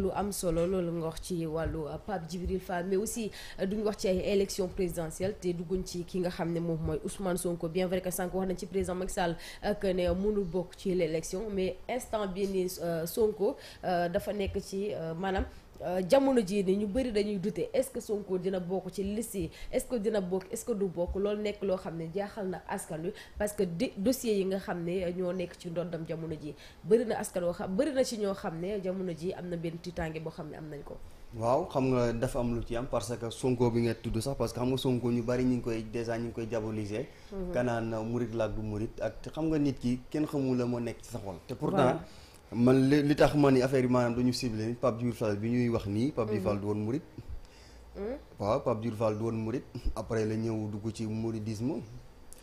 lu am solo loolu nga wax ci wàllu euh, Pape Djibril Fall mais aussi euh, duñ wax ci ay élection présidentielle te dugguñ ci ki nga xam ne moom mooy Ousmane Sonko bien vrai que sànq wax nañ ci président Macky Sall euh, que ne mënul bokk ci l'élection mais instant bii nii Sonko dafa nekk ci maanaam. Euh, jamono jii ni ñu bëri dañuy dute est-ce que Sonko dina bokk ci liste yi est-ce que dina bokk est du bokk loolu nekk loo xam ne jaaxal na askan wi parce que di dossier yi nga xam ne ñoo nekk ci ndoddam jamono ji bëri na askan woo xam bëri na ci ñoo xam ne jamono ji am na benn tiitaange boo xam ne am nañ ko waaw xam nga dafa am lu ci am parce que sunkoo bi nga tudd sax parce que xam nga Sonko ñu bari ñu ngi koy dèjà ñu ngi koy diaboliser mhm. kanaan murit laak du murit ak xam nga nit ki kenn xamul la moo nekk ci sa xol te pourtant man li tax man ni affaire yi maanaam dañu ciblé Pape Diouf Fall bi ñuy wax nii Pape Diouf Fall du woon murit hmm? waaw Pape Diouf Fall du woon murit après la ñëw dugg ci mouridisme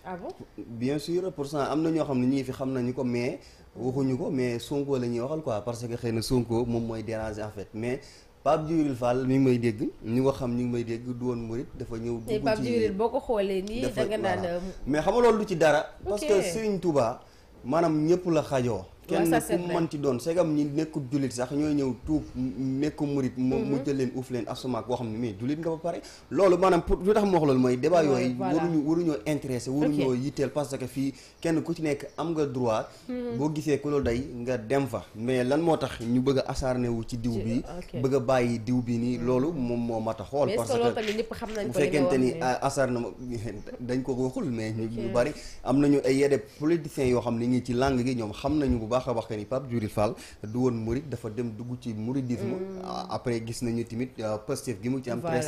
ah bon bien sûr pour ça am na ñoo xam ne ñii fi xam nañu ko mais waxuñu ko mais Sonko la ñuy waxal quoi parce que xëy na Sonko moom mooy déranger en fait mais Pape Djibril Fall mi ngi may dégg ñu nga xam ñu ngi may dégg du woon murit dafa ñëw dugg ci boo ko xoolee nii dafa nga naan euh, mais xam nga loolu du ci dara parce Touba maanaam ñëpp la xajoo kenn ku mënti doon segam ñi nekkul jullit sax ñooy ñëw tuub nekku murit mu mm-hmm. jël leen uuf leen asumaak boo xam ne mais jullit nga ba pare loolu maanaam pour lu tax mu wax loolu mooy débat yooyu waruñu waruñoo intéressé waruñoo yitteel parce fii kenn ku ci nekk am nga droit mm-hmm. boo gisee ku loolu day nga dem fa mais lan moo tax ñu bëgg a asarne wu ci diw bi bëgg a bàyyi diw bi nii mm-hmm. loolu moom moo mat xool parce que bu fekkente ni asarne ah, dañ ko waxul mais ñu bari nañu ay yedde politiciens yoo xam ne ngi ci langue gi ñoom xam nañu baax a wax que ni Pape Djibril Fall du woon murid dafa dem dugg ci mouridisme mm. après gis nañu tamit euh, positif gi mu ci am très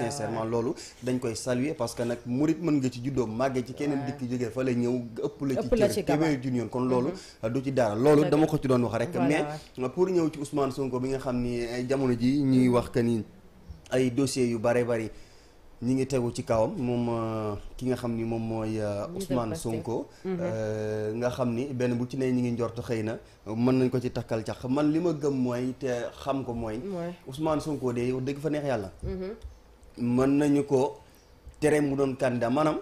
loolu dañ koy saluer parce que nag murid mën nga ci juddoo màggee ci keneen dikk jógee fa la ñëw ëpp la ci téeméeri kon loolu mm-hmm. du ci dara loolu dama ko ci doon wax rek mais pour ñëw ci Ousmane Sonko bi nga xam ni jamono ji ñuy wax que ni ay dossiers yu bare bari ñi ngi tegu ci kawam moom euh, ki nga xam ni moom mooy euh, Ousmane Sonko mhm. euh, nga xam ni benn bu ci ne ñi ngi njortu xëy na mën nañ ko ci takkal cax man li ma gëm mooy te xam ko mooy Ousmane Sonko de wax dëgg fa neex yàlla mhm. mën nañu ko tere mu doon candidat maanaam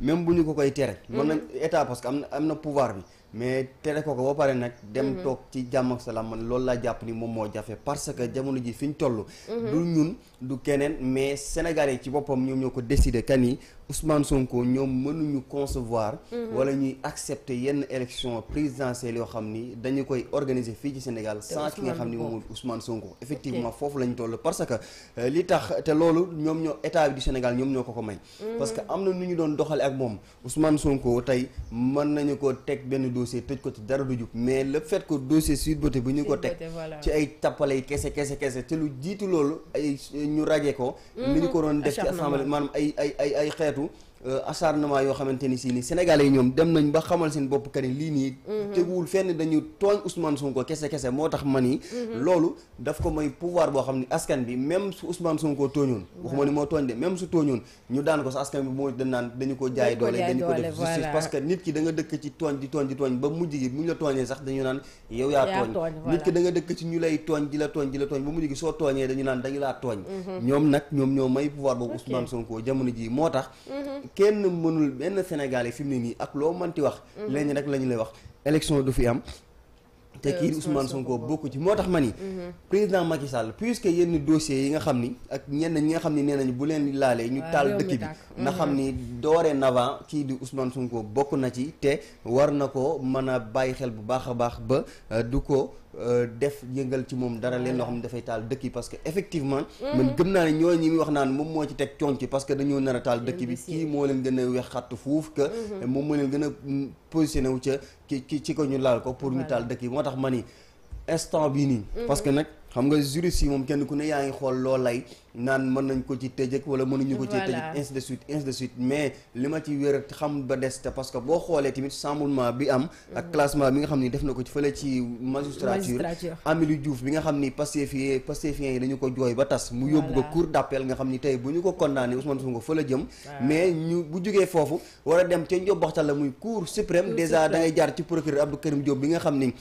même bu ñu ko koy tere mën nañ mhm. état parce na am na pouvoir bi mais tere ko ko ba pare nag dem mhm. toog ci jàmm ak salaam man loolu laa jàpp ni moom moo jafe parce que mhm. jamono ji fi ñu toll mhm. du ñun du keneen mais sénégalais ci boppam ñoom ñoo ko décider kan yi Ousmane Sonko ñoom mënuñu concevoir wala ñuy accepter yenn élection présidentielle yoo xam ni dañu koy organiser fii ci Sénégal sans ki nga xam ni moom Ousmane Sonko effectivement foofu lañu toll parce que euh, li tax te loolu ñoom ñoo état bi du Sénégal ñoom ñoo ko ko may que am na nu ñu doon doxale ak moom Ousmane Sonko mën nañu ko teg benn dossier tëj ko ci dara du jub mais le fait que dossier Sweet Beauté bu ñu ko teg ci ay tappale yi kese kese kese te lu jiitu loolu ay ñu rajee ko li mm-hmm. ñu ko doon def ci assemblée maanaam ay ay ay xeetu Euh, acharnement yoo xamante ni si ni Sénégalais yi ñoom dem nañ ba xamal seen bopp que ni lii nii. Mhm. teguwul fenn dañu tooñ Ousmane Sonko kese kese moo tax ma yi mhm. loolu daf ko may pouvoir boo xam ni askan bi même su Ousmane Sonko tooñoon. Mhm. waxuma ni moo tooñ de même su tooñoon ñu daan ko sa askan bi moo dañ naan dañu ko jaay doole dañu ko def justice parce que nit ki da nga dëkk ci tooñ di tooñ di tooñ ba mujj gi bu ñu la tooñee sax dañu naan yow yaa tooñ nit ki da nga dëkk ci ñu lay tooñ di la tooñ di la tooñ ba mujj gi soo tooñee dañu naan dañu moo tax kenn mënul benn Sénégalais fi mu ne nii ak loo mënti wax. Mhm. lenn rek la ñu lay wax élection du fi am. Euh, te kii Ousmane Sonko bokku ci moo tax ma ni. Mhm. président Macky Sall puisque yenn dossiers yi nga xam ni ak ñenn ñi nga xam ni nee nañu bu leen laalee ñu taal dëkk bi na mhm. xam ni dorénavant kii di Ousmane sunkoo bokk na ci te war na ko mën a bàyyi xel bu baax a baax ba euh, du ko. Euh, def yëngal ci moom dara leen loo xam ne dafay taal dëkk yi parce que effectivement mhm. man gëm naa ne ñoo ñi muy wax naan moom moo ci teg conc parce que dañoo nar a taal dëkk bi kii moo leen gën a wex xatt fuuf que mhm. moom moo leen gën a positionné ca ki ci ko ñu laal ko pour ñu taal dëkk yi moo tax ma ni instant bi nii mhm. parce que nag xam nga juriste yi moom kenn ku ne yaa ngi xool loo lay naan mën nañ ko ci tëjëk wala mënuñu ko ci tëjëk ainsi de suite ainsi de suite mais li ma ci wér xam ba des te parce que boo xoolee tamit chamboulement bi am ak mhm. classement bi nga xam ni def na ko ci fële ci magistrature Amélie Diouf bi nga xam ni pacifié pacifiens yi dañu ko jooy ba tas mu yóbbu ko cour d'appel nga xam ni tey bu ñu ko condamné Ousmane Sonko fa la jëm mais ñu bu jógee foofu war a dem ca njobbaxtal dèjà da jaar ci procureur Abdou bi nga xam ni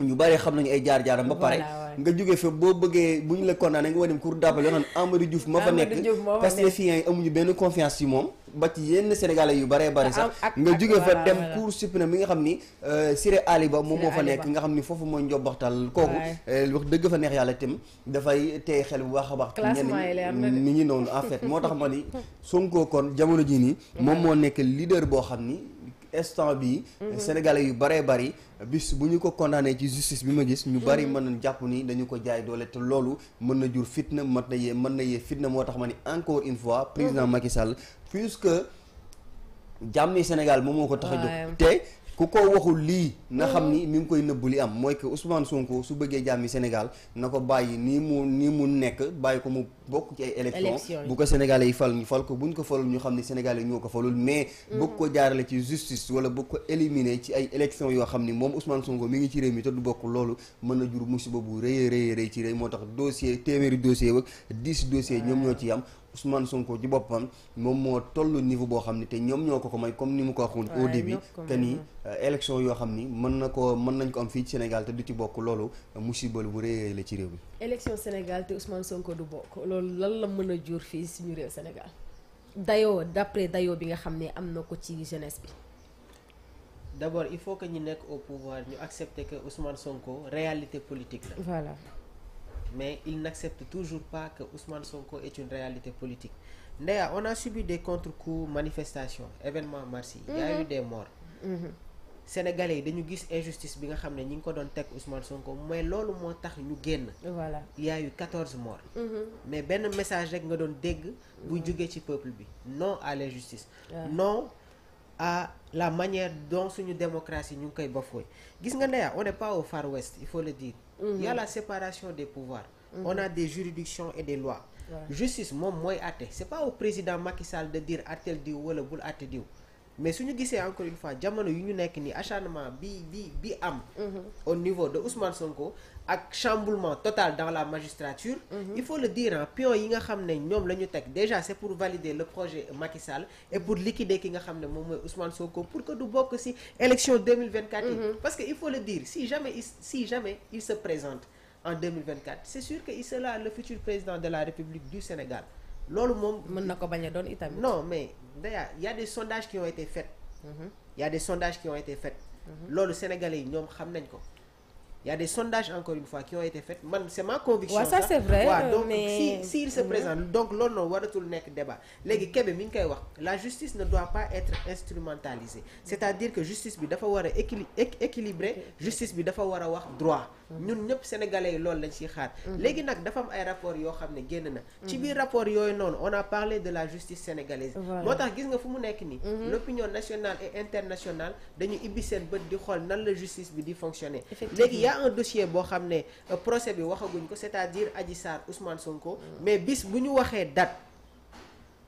ñu bari xam nañu ay jaar jaaram ba pare nga jógee fa boo bëggee bu ñu la condamné nga war dem cour d'appel yoo xam ne amuñu benn confiance ci moom ba ci yenn sénégalais yu baree bari sax nga jógee fa dem cour suprême bi nga xam ni euh, Siré Ali Ba moom moo fa nekk nga xam ni foofu mooy njobbaxtal kooku euh, wax dëgg fa neex yàlla itam dafay tey xel bu baax a baax ñenn ñi ngi noonu en fait moo tax ma ni Sonko kon jamono ji nii moom moo nekk leader boo xam ni instant bi mhm. sénégalais yu baree bari bis bu ñu ko condamné ci justice bi ma gis. ñu bari mhm. mën na jàpp nii dañu ko jaay doole te loolu mën na jur fitna mën na yee mën na yee fitna moo tax ma ni encore une fois. président mhm. Macky Sall puisque jàmmi Sénégal moom moo ko tax a jóg te. ku ko waxul lii na xam ni mm-hmm. mi ngi koy nëbbu li am mooy que Ousmane Sonko su bëggee jàmmi Sénégal na ko bàyyi nii mu nii mu nekk bàyyi ko mu bokk ci ay élection bu ko Sénégalais yi fal ñu fal ko buñ ko falul ñu xam ni Sénégalais ñoo ko falul mais mm-hmm. bëgg ko jaarale ci justice wala bëgg ko éliminer ci ay élection yoo xam ni moom Ousmane Sonko mi ngi ci réew mi te du bokk loolu mën na jur musiba bu rëy rëy rëy ci rëy moo tax dossier téeméeri dossier wak dix dossier ñoom ci yam Ousmane Sonko ci boppam moom moo toll niveau boo xam ne te ñoom ñoo ko ko may comme ni mu ko waxoon au début que ni euh, élection yoo xam ni mën na ko mën nañ ko am fii ci Sénégal te du ci bokk loolu musibal bu rëy la ci réew mi élection Sénégal te Ousmane Sonko du bokk loolu lan la mën a jur fii suñu réew Sénégal dayoo d'après dayo bi nga xam ne am na ko ci jeunesse bi d'abord il faut que ñu nekk au pouvoir ñu accepter que Ousmane Sonko réalité politique la mais il n'accepte toujours pas que Ousmane Sonko est une réalité politique Ndeya on a subi des contre-coups manifestations événements mars yi. y a mm-hmm. eu des morts. Mm-hmm. Sénégalais yi dañu gis injustice bi nga xam ne ñi ngi ko doon teg Ousmane Sonko mais loolu moo tax ñu génn. voilà il y a eu quatorze morts. Mm-hmm. mais benn message rek nga doon dégg. bu jugee ci peuple bi non à l'injustice. Ah. non. ah la manière dont suñu démocratie ñu ngi koy bafoué gis nga Ndeya on n'est pas au Far West il faut le dire mm séparation des pouvoirs mm -hmm. on a des juridictions et des lois ouais. justice moom mooy àtte c'est pas au président Macky Sall de dire àtteel diw wala bul àtte diw mais su ñu gisee encore une fois jamono yu ñu nekk ni acharnement bi bi bi am. Mhm. au niveau de Ousmane Sonko ak chamboulement total dans la magistrature. Mhm. il faut le dire pion yi nga xam ne ñoom la ñu teg déjà c'est pour valider le projet Macky Sall et pour liquider ki nga xam ne moom mooy Ousmane Sonko pour que du bokk ci élection yi. Mhm. parce que il faut le dire si jamais il si jamais il se présente en 2024 c'est sûr que il sera le futur président de la République du Sénégal moom. mën na ko bañ a doon itamit. non mais. déjà y a des sondages qui ont été faits. Mhm. y a des qui ont été faits. Mhm. loolu sénégalais yi ñoom xam nañ ko. y a des sondages encore une fois qui ont été faits man c'est ma conviction. waaw ça c'est vrai waaw donc si si il se mhm. présente donc loolu noonu waratul nekk débat léegi Kébé mi ngi koy wax la justice ne doit pas être instrumentalisée c'est-à-dire que justice bi dafa war a équilibré justice bi dafa war a wax droit. ñun ñëpp sénégalais yi loolu lañu siy xaar. Mm-hmm. léegi nag dafa am ay rapport yoo xam ne génn na. ci mm-hmm. biir rapport yooyu noonu on a parlé de la justice sénégalaise. moo tax gis nga fu mu nekk nii. Mm-hmm. l'opinion nationale et internationale dañu ibbi seen bët di xool nan la justice bi di fonctionner. léegi y a un dossier boo xam ne euh, procès bi waxaguñ ko c'est-à-dire Adji Sarr Ousmane Sonko. Mm. mais bis bu ñu waxee date.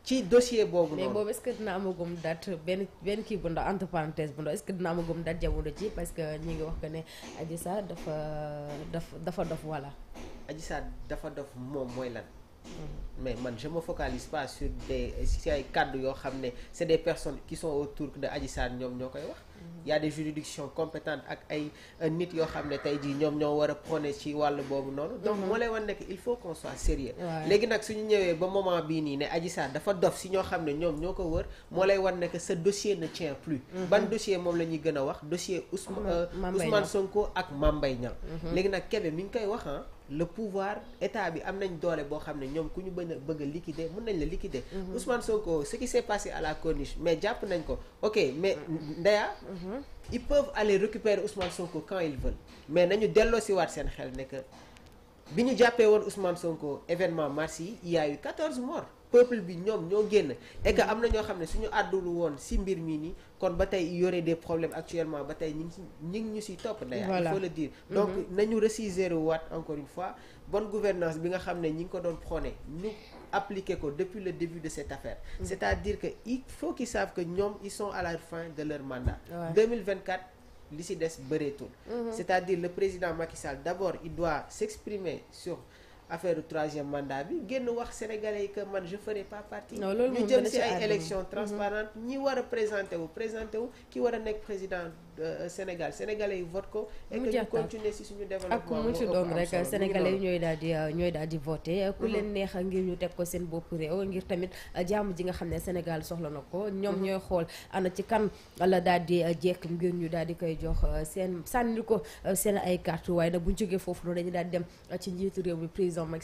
ci dossier boobu noonu mais boobu est dina amagum dat benn benn kii bu ndaw entre parenthèse bu ndaw est dina amagum date jamono ci parce que ñu ngi wax que ne Adji Sarr dafa dafa dafa dof walla Adji Sarr dafa dof moom mooy lan mais man je me focalise sur des si ay kàddu yoo xam ne c'est des personnes qui sont autour de Adji ñoom ñoo koy wax. y a des compétente ak ay euh, nit yoo xam ne tey jii ñoom ñoo war a prôné ci wàll boobu noonu. donc mhm. moo lay wan nekk il faut qu'on soit léegi nag suñu ñëwee ba moment bii nii ne Adji Sarr dafa dof si ñoo xam ne ñoom ñoo ko wër moo lay wan nekk ce dossier ne tient plus. Mhm. ban dossier moom la ñuy gën a wax dossier euh, Ousmane Ousmane Sonko ak Mame Mbaye le pouvoir état bi am nañ doole boo xam ne ñoom ku ñu bëgg a bëgg a liquider mun nañ la liquider. Mhm. Ousmane Sonko ce qui s'est passé à la corniche mais jàpp nañ ko ok mais mhm. Ndeya. Mhm. ils peuvent aller récupérer Ousmane Sonko quand ils veulent mais nañu delloo si waat seen xel ne que bi ñu jàppee woon Ousmane Sonko événement mars yi il y a eu 14 morts. peuple bi ñoom ñoo génn et que mm-hmm. am na ñoo xam ne suñu àddulu woon si mbir mii nii kon ba tey yore des problèmes actuellement ba tey ñu ngi ñu ngi ñu siy topp day il faut le dire donc mm-hmm. nañu ressaisir waat encore une fois bon gouvernance bi nga xam ne ñi ngi ko doon prôné ñu appliqué ko depuis le début de cette affaire mm-hmm. c'est-à-dire que il faut qu'ils savent que ñoom ils sont à la fin de leur mandat li si des bëreetul c'est-à-dire le président Macky Sall d'abord il doit s'exprimer sur affaire troisième mandat bi génn wax sénégalais yi que man je ferai pas partie ñu jëm si ay élection mhm. transparente ñi war a présenté wu présenté wu ki war a nekk président Euh, Sénégal sénégalais yi vote ko. et que ñu continuer si suñu développement. ak mu ci doon rek sénégalais yi ñooy daal di euh, ñooy daal di voté. ku leen mm-hmm. neex ngir ñu teg ko seen bopp réew ngir tamit euh, jàmm ji nga xam ne Sénégal soxla na ko. ñoom mm-hmm. ñooy xool ana ci kan la daal di jekk ngir ñu daal di koy jox seen sànni ko seen ay carte waaye nag bu ñu jógee foofu noonu dañuy daal di dem ci njiitu réew mi président Macky